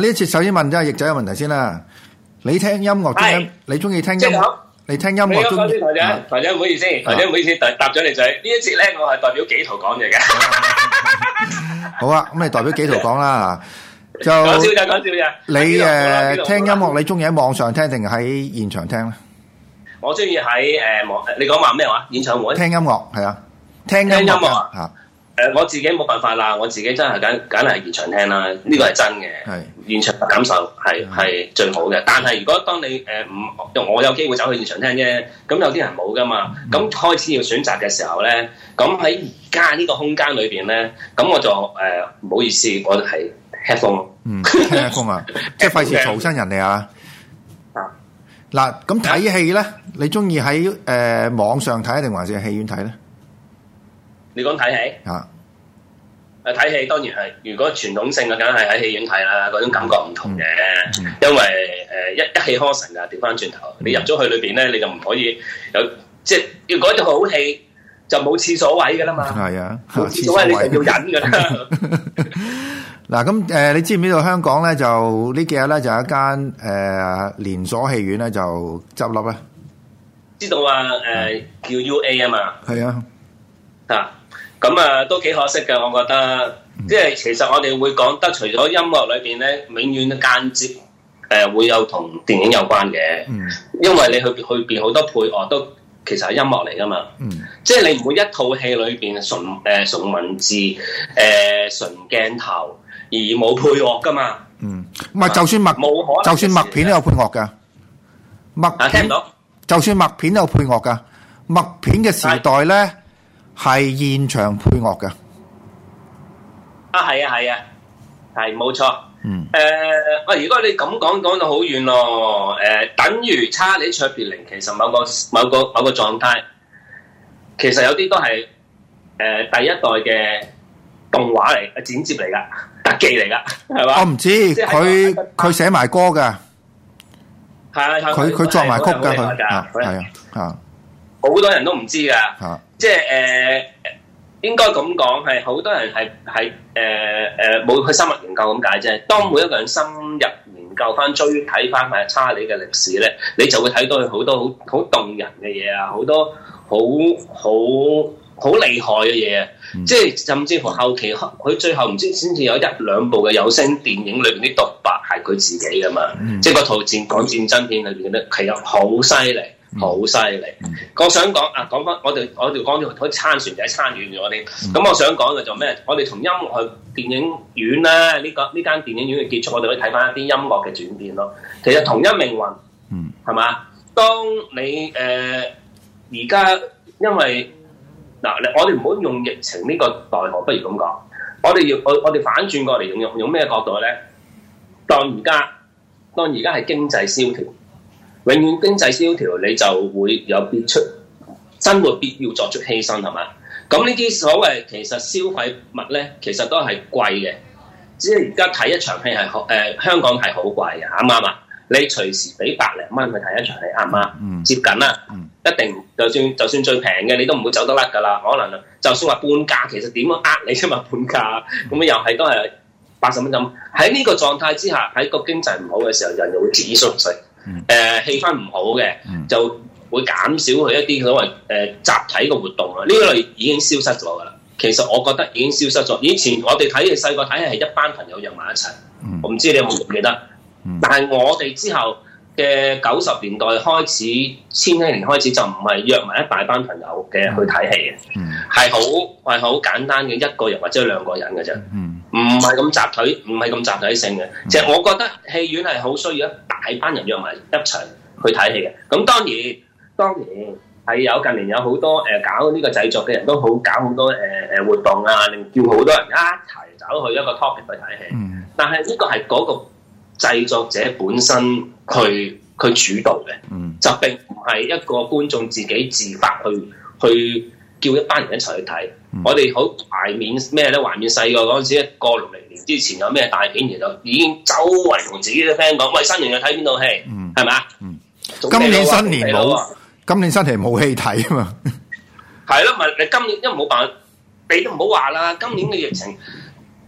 呢一次首先問啫，翼仔有問題先啦。你聽音樂中，你中意聽音？即好。你聽音樂中意啊？台長唔好意思，台長唔好意思，答咗你嘴。呢一次咧，我係代表幾圖講嘢嘅。好啊，咁你代表幾圖講啦？就講笑就講笑啫。你誒聽音樂，你中意喺網上聽定喺現場聽咧？我中意喺誒網。你講話咩話？演唱會。聽音樂係啊，聽音樂啊。誒，我自己冇辦法啦，我自己真係梗梗係現場聽啦，呢個係真嘅，是現場感受係係是的 最好嘅。但係如果當你誒唔、呃、我有機會走去現場聽啫，咁有啲人冇噶嘛，咁開始要選擇嘅時候咧，咁喺而家呢個空間裏邊咧，咁我就誒唔、呃、好意思，我係 headphone 咯，聽下 headphone 啊， 即係費事嘈生人哋啊。 啊，嗱，咁睇戲咧，你中意喺誒網上睇定還是係戲院睇咧？你講睇戲啊？誒，睇戲當然係，如果傳統性嘅梗係喺戲院睇啦，嗰種感覺唔同嘅。因為誒一一氣呵成噶，調翻轉頭，你入咗去裏邊咧，你就唔可以有即係要講到好戲，就冇廁所位噶啦嘛。係啊，冇廁所位你就要忍噶啦。嗱，咁誒，你知唔知道香港咧就呢幾日咧就有一間誒連鎖戲院咧就執笠啊？知道啊，誒叫 UA 啊嘛。係啊，吓。咁啊，都幾可惜嘅，我覺得。即係其實我哋會講得除咗音樂裏邊咧，永遠間接誒、呃、會有同電影有關嘅。嗯、因為你去去變好多配樂都其實係音樂嚟噶嘛。嗯、即係你唔每一套戲裏邊純誒、呃、純文字誒、呃、純鏡頭而冇配樂噶嘛。唔係、嗯、就算默，啊、就算默片都有配樂嘅。默、啊、片就算默片都有配樂嘅，默片嘅時代咧。啊係現場配樂嘅，啊係啊係啊係冇錯，嗯，誒，喂，如果你咁講，講到好遠咯，誒，等於差利卓別靈，其實某個某個某個狀態，其實有啲都係誒第一代嘅動畫嚟，誒剪接嚟噶特技嚟噶，係嘛？我唔知，佢佢寫埋歌嘅，係啊，佢佢作埋曲嘅佢，係啊，啊。好多人都唔知噶，啊、即係誒、呃，應該咁講係好多人係係誒誒冇去深入研究咁解啫。當每一個人深入研究翻、追睇翻埋差利嘅歷史咧，你就會睇到佢好多好好動人嘅嘢啊，好多好好好厲害嘅嘢啊！嗯、即係甚至乎後期，佢最後唔知先至有一兩部嘅有聲電影裏邊啲獨白係佢自己噶嘛，嗯、即係個套戰講、那個、戰爭片裏邊嗰其實好犀利。好犀利！我想講啊，講翻我哋我哋講咗，可以撐船就係撐軟咗啲。咁我想講嘅就咩？我哋從音樂去電影院咧，呢個呢間電影院嘅結束，我哋可以睇翻一啲音樂嘅轉變咯。其實同一命運，嗯，係嘛？當你誒而家因為嗱、呃，我哋唔好用疫情呢個代號，不如咁講，我哋要我我哋反轉過嚟，用用用咩角度咧？當而家當而家係經濟蕭條。永遠經濟蕭條，你就會有必出生活必要作出犧牲，係嘛？咁呢啲所謂其實消費物咧，其實都係貴嘅。只係而家睇一場戲係好誒，香港係好貴嘅，啱唔啱啊？你隨時俾百零蚊去睇一場戲，啱唔啱？嗯、接近啦，一定就算就算最平嘅，你都唔會走得甩噶啦。可能就算話半價，其實點樣呃你啫嘛？半價咁又係都係八十蚊咁。喺呢個狀態之下，喺個經濟唔好嘅時候，人又會節衣縮食。誒、嗯、氣氛唔好嘅，嗯、就會減少佢一啲所謂誒、呃、集體嘅活動啊！呢類已經消失咗㗎啦。其實我覺得已經消失咗。以前我哋睇嘅細個睇戲係一班朋友約埋一齊，嗯、我唔知你有冇記得。嗯、但係我哋之後嘅九十年代開始，千禧年開始就唔係約埋一大班朋友嘅去睇戲嘅，係好係好簡單嘅一個人或者兩個人嘅啫。嗯嗯唔係咁集體，唔係咁集體性嘅，即係、嗯、我覺得戲院係好需要一大班人約埋一齊去睇戲嘅。咁當然當然係有近年有好多誒、呃、搞呢個製作嘅人都好搞好多誒誒、呃、活動啊，令叫好多人一齊走去一個 topic、嗯、去睇戲。但係呢個係嗰個製作者本身去佢主導嘅，嗯，就並唔係一個觀眾自己自發去去。叫一班人一齊去睇，嗯、我哋好懷念咩咧？懷念細個嗰陣時一過六零年之前有咩大片，原來已經周圍同自己啲 friend 講，喂，新年又睇邊套戲？係嘛、嗯吧嗯？今年新年冇，今年新年冇戲睇啊嘛！係咯、 啊，唔係你今年因為冇辦法，你都唔好話啦。今年嘅疫情，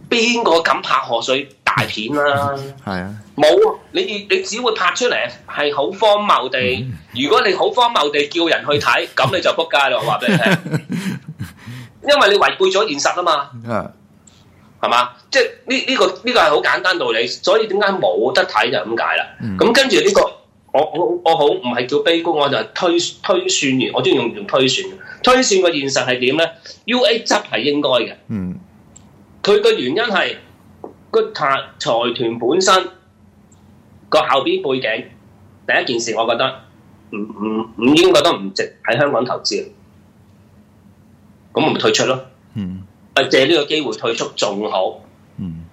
邊個敢拍賀歲大片啊？係 啊！冇，你你你只會拍出嚟係好荒謬地。如果你好荒謬地叫人去睇，咁你就扑街啦！我話俾你聽，因為你違背咗現實啊嘛。係嘛？ 即係呢呢個、呢個、這個係好簡單道理。所以點解冇得睇就咁解啦。咁跟住呢個，我我我好唔係叫悲觀，我就係推推算完，我中意用用推算。推算個現實係點咧？UA 摺係應該嘅。嗯，佢嘅原因係個財財團本身。個後邊背景，第一件事我覺得唔唔唔應該都唔值喺香港投資，咁我咪退出咯。嗯，啊借呢個機會退出仲好。嗯，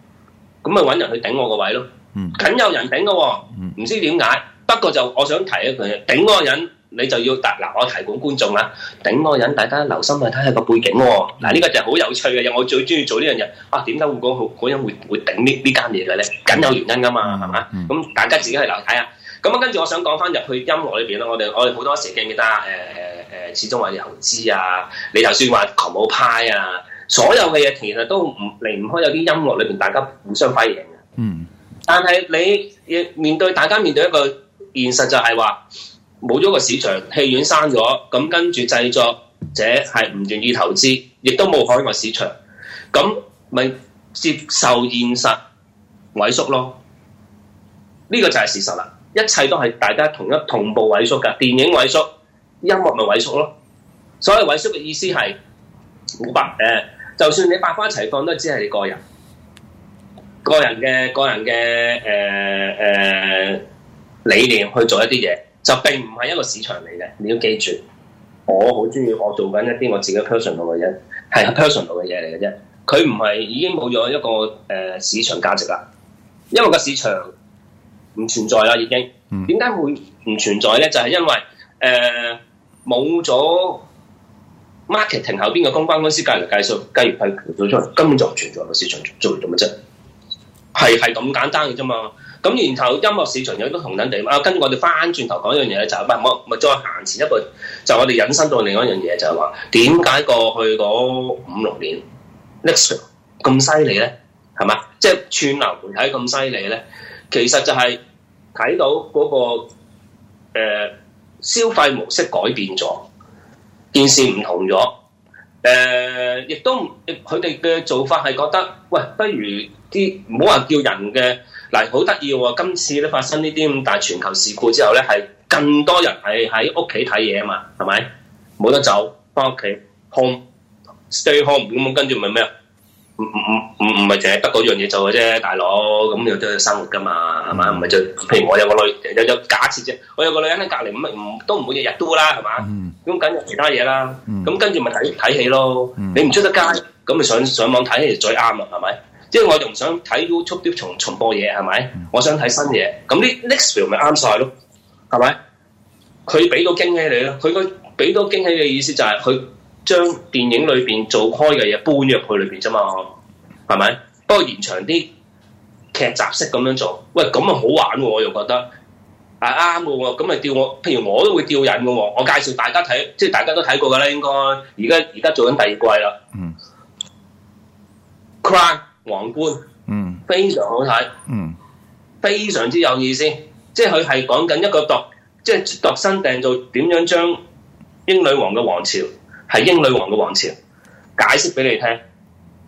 咁咪揾人去頂我個位咯。嗯，梗有人頂嘅、哦、唔、嗯、知點解。不過就我想提一句，頂嗰個人。你就要答嗱，我提供觀眾啦、啊，頂嗰個人，大家留心埋睇下個背景喎、哦。嗱，呢、這個就係好有趣嘅嘢，我最中意做呢樣嘢。啊，點解會好嗰人會會頂呢呢間嘢嘅咧？梗有原因噶嘛，係嘛？咁、嗯、大家自己去留睇下。咁啊，嗯嗯嗯、跟住我想講翻入去音樂裏邊咯。我哋我哋好多時記得啊誒誒誒，始終話油脂啊，你就算話狂舞派啊，所有嘅嘢其實都唔離唔開有啲音樂裏邊大家互相輝映嘅。嗯。但係你亦面對大家面對一個現實就是就是，就係話。冇咗個市場，戲院閂咗，咁跟住製作者係唔願意投資，亦都冇海外市場，咁咪接受現實萎縮咯。呢、這個就係事實啦，一切都係大家同一同步萎縮噶，電影萎縮，音樂咪萎縮咯。所以萎縮嘅意思係，好白，誒，就算你百花齊放，都只係你個人個人嘅個人嘅誒誒理念去做一啲嘢。就並唔係一個市場嚟嘅，你要記住。我好中意我做緊一啲我自己 personal 到嘅嘢，係 personal 到嘅嘢嚟嘅啫。佢唔係已經冇咗一個誒、呃、市場價值啦，因為個市場唔存在啦，已經。點解會唔存在咧？就係、是、因為誒冇、呃、咗 marketing 後邊嘅公關公司介嚟計數，計業費做出嚟，根本就唔存在個市場做嘅物質，係係咁簡單嘅啫嘛。咁然後音樂市場有都同等地啊，跟住我哋翻轉頭講一樣嘢，就唔好咪再行前一步，就我哋引申到另外一樣嘢，就係話點解過去嗰五六年，Netflix 咁犀利咧，係嘛？即係串流媒體咁犀利咧，其實就係睇到嗰、嗰個、呃、消費模式改變咗，件事唔同咗，誒、呃、亦都佢哋嘅做法係覺得，喂，不如啲唔好話叫人嘅。嗱，好得意喎！今次咧發生呢啲咁大全球事故之後咧，係更多人係喺屋企睇嘢啊嘛，係咪？冇得走，翻屋企，home，stay home，咁跟住咪咩？唔唔唔唔唔，淨係得嗰樣嘢做嘅啫，大佬。咁有得生活噶嘛，係嘛？唔係就，譬如我有個女，有有假設啫，我有個女人喺隔離，唔唔都唔會日日都啦，係嘛？咁緊要其他嘢啦，咁、嗯、跟住咪睇睇戲咯。嗯、你唔出得街，咁你上上，上網睇就最啱啦，係咪？即係我唔想睇到速碟重重播嘢係咪？是是我想睇新嘢，咁啲 next film 咪啱晒咯，係咪？佢俾到驚喜你啦，佢個俾到驚喜嘅意思就係佢將電影裏邊做開嘅嘢搬入去裏邊啫嘛，係咪？不過延長啲劇集式咁樣做，喂咁啊好玩喎，我又覺得係啱嘅喎，咁咪吊我，譬如我都會吊人嘅喎，我介紹大家睇，即係大家都睇過噶啦，應該而家而家做緊第二季啦，嗯，crime、mm。Hmm. Crown, 皇冠，嗯，非常好睇，嗯，非常之有意思。即係佢係講緊一個度，即係度身訂做，點樣將英女王嘅王朝係英女王嘅王朝解釋俾你聽？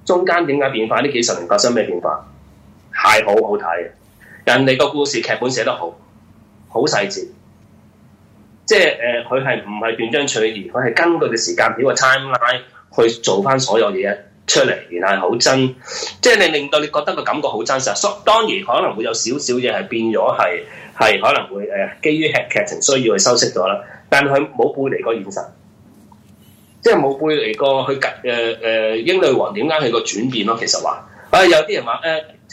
中間點解變化？呢幾十年發生咩變化？係好好睇嘅。人哋個故事劇本寫得好，好細緻。即係誒，佢係唔係斷章取義？佢係根據嘅時間表，timeline 去做翻所有嘢。出嚟原來好真，即係你令到你覺得個感覺好真實。當然可能會有少少嘢係變咗，係係可能會誒、呃、基於劇劇情需要去修飾咗啦。但佢冇背離個現實，即係冇背離個佢格誒英女王點解佢個轉變咯、啊。其實話啊、呃，有啲人話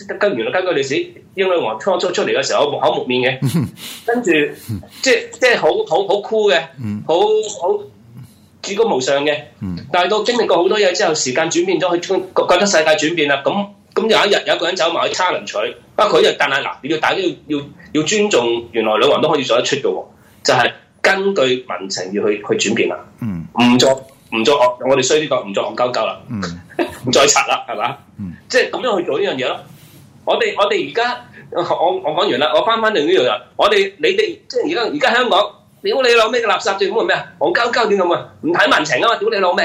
誒跟原啦，根據歷史，英女王初初出嚟嘅時候木口木面嘅，跟住 即即係好好好酷嘅，好好。至高無上嘅，嗯、但係到經歷過好多嘢之後，時間轉變咗，佢覺覺得世界轉變啦。咁咁有一日有一個人走埋去差人取，不過佢就但係嗱，你要大家要要要尊重，原來女王都可以做得出嘅，就係、是、根據民情要去去轉變啦。唔、嗯、做唔做我我哋衰啲講，唔做戇鳩鳩啦，唔、嗯、 再拆啦，係嘛？即係咁樣去做呢樣嘢咯。我哋我哋而家我我講完啦，我翻返嚟呢度啦。我哋你哋即係而家而家香港。屌你老味嘅垃圾政府係咩啊？戇鳩鳩點諗啊？唔睇民情啊！屌你老味，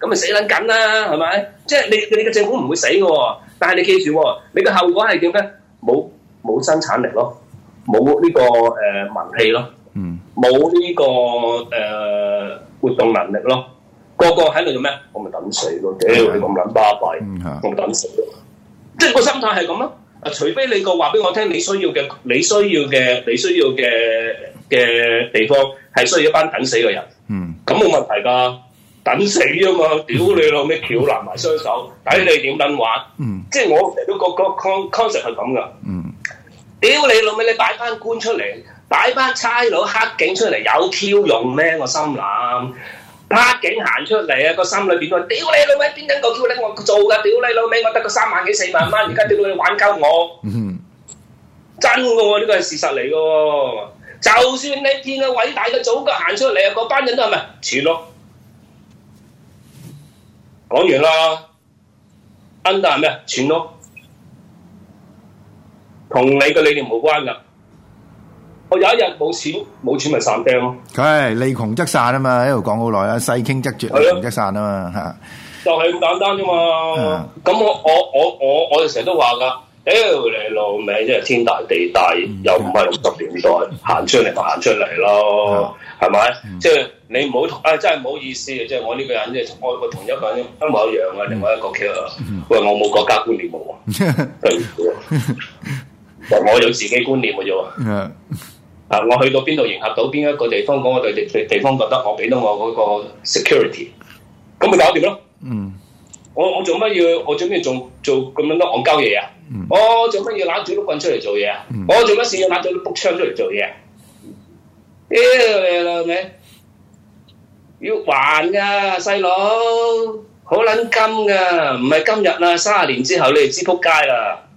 咁咪死撚緊啦，係咪？即係你你嘅政府唔會死嘅，但係你記住，你嘅後果係點咧？冇冇生產力咯，冇呢個誒民氣咯，嗯，冇呢個誒活動能力咯，個個喺度做咩？我咪等死咯！屌你咁撚巴閉，我咪等死咯，即係個心態係咁咯。啊！除非你個話俾我聽，你需要嘅你需要嘅你需要嘅嘅地方係需要一班等死嘅人，嗯，咁冇問題㗎，等死啊嘛！屌你老味，翹男埋雙手，睇你點等玩，嗯，即係我成日都覺個 con, concept 係咁㗎，嗯，屌你老味，你擺翻官出嚟，擺翻差佬黑警出嚟，有 Q 用咩？我心諗。他竟行出嚟啊！個心裏邊都話：屌 你老味，邊等個叫你我做噶？屌你老味，我得個三萬幾四萬蚊，而家屌到你玩鳩我！嗯， 真噶，呢個係事實嚟噶。就算你見到偉大嘅祖國行出嚟啊，個班人都係咪？錢咯，講完啦。恩，under 係咩？錢咯，同你嘅理念冇關噶。我有一日冇錢，冇錢咪散釘咯。佢、hey, 利窮則散啊嘛，喺度講好耐啦，勢傾則絕，利窮則、yeah, 散啊嘛，吓、啊、就係咁簡單啫嘛。咁、嗯啊、我我我我我哋成日都話噶，屌、哎、你老味，即係天大地大，又唔係六十年代行出嚟咪行出嚟咯，係咪、嗯？啊嗯、即係你唔好，啊、哎、真係唔好意思啊，即係我呢個人即係我我同一個人一模一樣啊，另外一個 key 啊，喂、嗯，我冇國家觀念喎，對唔住，我有自己觀念嘅啫。啊！我去到邊度迎合到邊一個地方，嗰個地地地方覺得我俾到我嗰個 security，咁咪搞掂咯。嗯，我我做乜要我做咩做做咁樣多戇鳩嘢啊？我做乜要攞住碌棍出嚟做嘢啊？我做乜事要攞住碌槍出嚟做嘢？屌你老味！要還㗎細佬，好撚金㗎，唔係今日啦，三十年之後你哋知撲街啦。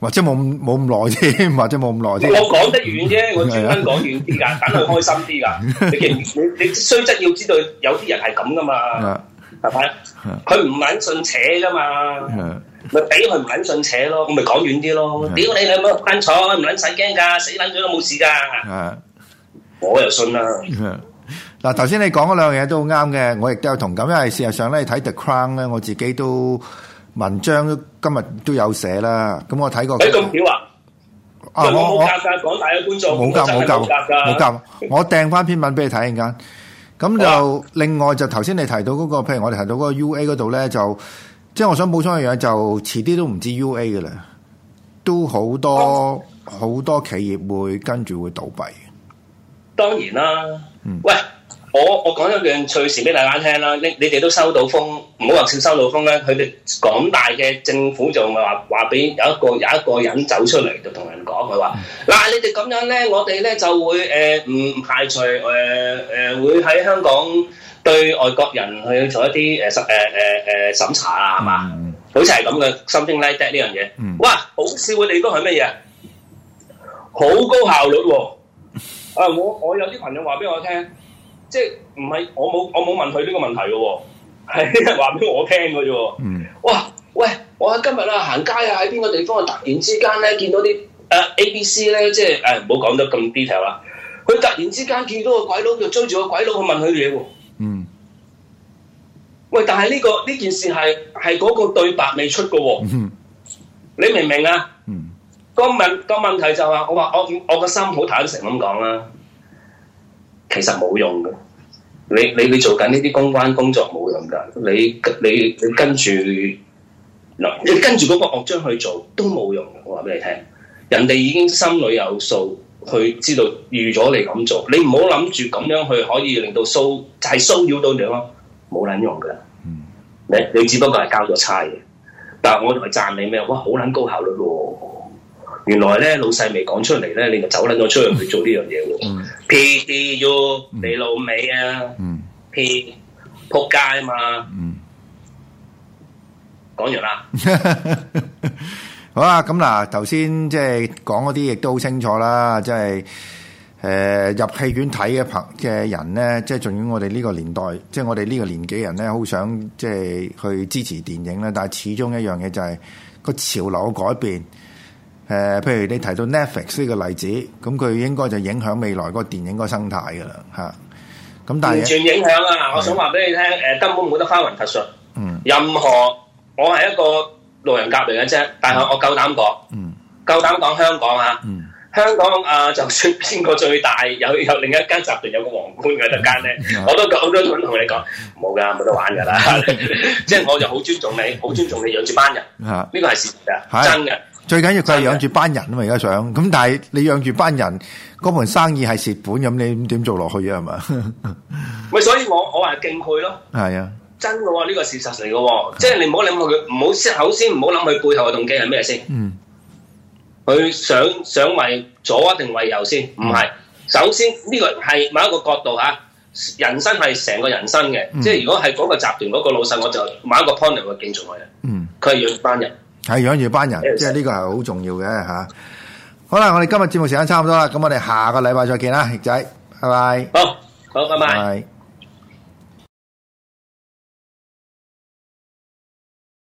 或者冇咁冇咁耐啫，或者冇咁耐啫。我講得遠啫，我專登講遠啲噶，等佢開心啲噶。你其實你你雖則要知道有啲人係咁噶嘛，係咪？佢唔捻信扯噶嘛，咪俾佢唔捻信扯咯，我咪講遠啲咯。屌你兩個笨柒，唔捻使驚噶，死捻咗都冇事噶。我又信啦。嗱，頭先你講嗰兩樣嘢都好啱嘅，我亦都有同感，因為事實上咧睇 The Crown 咧，我自己都。文章今日都有寫啦，咁我睇過。睇咁少啊？我冇格噶，廣大嘅觀眾冇格冇格冇格，我掟翻篇文俾你睇先。咁咁就另外就頭先你提到嗰個，譬如我哋提到嗰個 UA 嗰度咧，就即係我想補充一樣，就遲啲都唔知 UA 嘅啦，都好多好多企業會跟住會倒閉。當然啦，嗯，喂。我我講一樣趣事俾大家聽啦，你你哋都收到風，唔好話先收到風咧。佢哋咁大嘅政府，仲咪話話俾有一個有一個人走出嚟就同人講，佢話嗱你哋咁樣咧，我哋咧就會誒唔、呃、排除誒誒、呃呃、會喺香港對外國人去做一啲誒審誒誒誒審查啊，係嘛？嗯嗯，好似係咁嘅，something like that 呢樣嘢。嗯，哇，好笑嘅地都係乜嘢？好高效率喎，哦！啊、呃，我我有啲朋友話俾我聽。即係唔係我冇我冇問佢呢個問題嘅喎，係話俾我聽嘅啫。嗯，哇，喂，我喺今日啊行街啊，喺邊個地方啊突然之間咧見到啲誒、呃、A B C 咧，即係誒唔好講得咁 detail 啦。佢突然之間見到個鬼佬,就追住個鬼佬去問佢嘢喎。嗯。喂，但係呢、這個呢件、這個、事係係嗰個對白未出嘅喎。嗯。你明唔明啊？嗯。個問、個問題就係、是、我話我我個心好坦誠咁講啦。其實冇用嘅，你你你做緊呢啲公關工作冇用噶，你你你跟住嗱，你跟住嗰個樂章去做都冇用，我話俾你聽，人哋已經心裏有數，去知道預咗你咁做，你唔好諗住咁樣去可以令到騷、就係、騷擾到你咯，冇撚用噶，你你只不過係交咗差嘅，但係我係讚你咩？哇，好撚高效率喎、哦！原來咧老細未講出嚟咧，你就走甩咗出去去做呢樣嘢喎？P D U，、嗯、你老味啊、嗯、！P 撲街嘛！講、嗯、完啦。 好啊，咁、嗯、嗱，頭先即係講嗰啲，亦都好清楚啦。即係誒，入戲院睇嘅拍嘅人咧，即、就、係、是、盡管我哋呢個年代，即、就、係、是、我哋呢個年紀人咧，好想即係、就是、去支持電影咧。但係始終一樣嘢就係個潮流改變。誒、呃，譬如你提到 Netflix 呢個例子，咁佢、嗯、應該就影響未來嗰個電影個生態噶啦吓。咁但係完全影響啊！我想話俾你聽，誒、呃，根本冇得翻雲覆雪。嗯，任何我係一個路人甲嚟嘅啫，但係我夠膽講，夠嗯，夠膽講香港啊，香港啊，就算邊個最大，有有另一間集團有個皇冠嘅特間咧，我都夠膽同你講冇噶，冇得玩噶啦。即係我就好尊重你，好尊重你養住班人，呢、吓呢個係事實啊，真嘅。最緊要就係養住班人啊嘛，而家想咁，但係你養住班人，嗰門生意係蝕本，咁你點做落去啊？係 嘛？咪所以我我話敬佩咯，係的啊真，哦，真嘅喎，呢個事實嚟嘅，哦，即係你唔好諗佢，唔好思考先，唔好諗佢背後嘅動機係咩先。嗯，佢想，想為左定為右先，唔係，嗯、首先呢、這個係某一個角度吓，人生係成個人生嘅，嗯、即係如果係嗰個集團嗰，嗰個老細，我就某一個 point 嚟嘅敬重佢啊。嗯，佢係養班人。係養住班人，即係呢個係好重要嘅吓。 好啦，我哋今日節目時間差唔多啦，咁我哋下個禮拜再見啦，翼仔，拜拜。好，好，拜拜。拜拜。